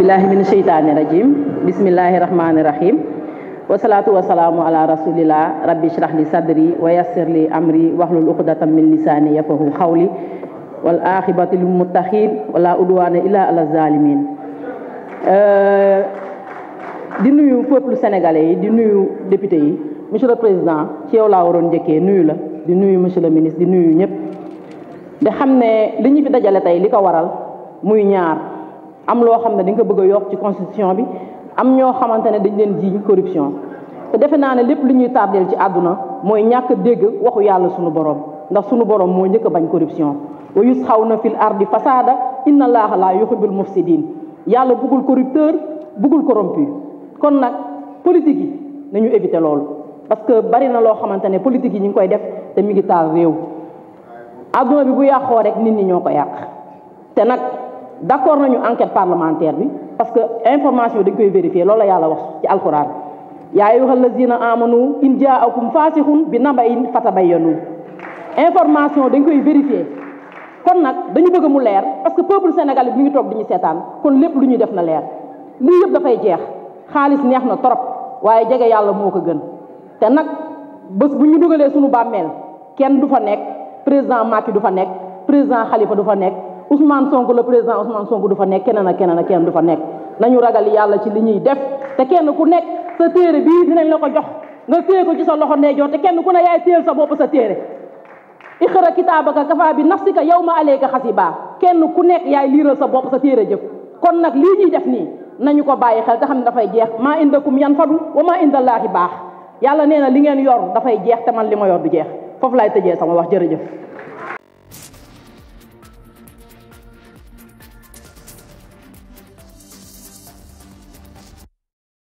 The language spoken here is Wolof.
billahi min sheytaani rajim bismillahi rahmaani rahim wasalaatu wasalaamu ala rasulillah rabbi shrah li sadri wa yassir li amri wahlul uqdatan min lisaani yafahu xawli wal aaxibatu lil muttaqiin wala udwaana illa ala zalimin di nuyu peuple sénégalais yi di nuyu député yi monsieur le président ci yow laa waroon njëkkee nuyu la di nuyu monsieur le ministre di nuyu ñëpp di xam ne li ñu fi dajale tey li ko waral muy ñaar am loo xam ne dañ ko bëgg a yokk ci constitution bi am ñoo xamante ne dañ leen jiiñ corruption te defe naa ne lépp lu ñuy tardeel ci àdduna mooy ñàkk dégg waxu yàlla sunu borom ndax sunu borom moo njëkk a bañ corruption wa yusxawna fil ardi fasada inna allaha la yuhibbul mufsidin yàlla bëggul corrupteur bëggul corrompu kon nag politique yi nañu éviter loolu parce que bari na loo xamante ne politique yi ñu ngi koy def te mi ngi taal réew àdduna bi bu yàqoo rek nit ñi ñoo ko yàq d'accord nañu enquête parlementaire bi parce que information dañ koy vérifier loolu la yàlla wax ci alquran yaa ayyuhal lazina amanu in jaakum faasixun bi nabain fatabayyanu information dañ koy vérifier kon nak dañu bëgg mu leer parce que peuple sénégalais bi mi ngi toog di ñu kon lepp luñu def na leer li yëpp da fay jeex xaaliss neex na torop waaye jege yàlla moo ko gën te nag bés bu ñu dugalee suñu bàmmeel kenn du fa nekk président Macky du fa nekk président Khalifa du fa nekk Ousmane Sonko le président Ousmane Sonko du fa nekk keneen ak keneen ak keneen du fa nekk nañu ragal yàlla ci li ñuy def te kenn ku nekk sa téere bii dinañ la ko jox nga téye ko ci sa loxo ndeyjoor te kenn ku ne yaay téyel sa bopp sa téere iqra kitaabaka kafaa bi nafsika yawma alayka xasibaa kenn ku nekk yaay liiral sa bopp sa téere jëf kon nag lii ñuy def nii nañu ko bàyyi xel te xam ne dafay jeex maa a kum yan fadu wa maa indallaahi baax yàlla nee na li ngeen yor dafay jeex te man li ma yor du jeex foofu laay tëjee sama wax jërëjëf